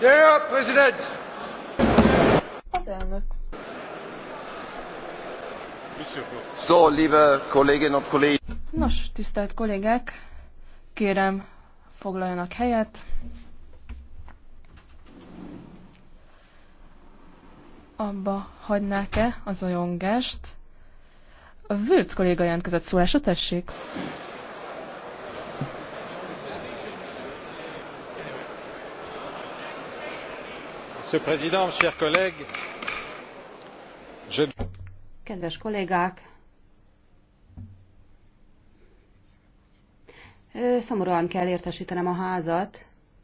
Der Präsident! Az elnök. So, liebe Kolleginnen und Kollegen. Nos, tisztelt kollégák, kérem, foglaljanak helyet. Abba hagynák-e az olyongást? A Vürc kolléga jelentkezett szólásra, tessék! monsieur le président chers collègues kedves kollégák szomorúan kell értesítenem a házat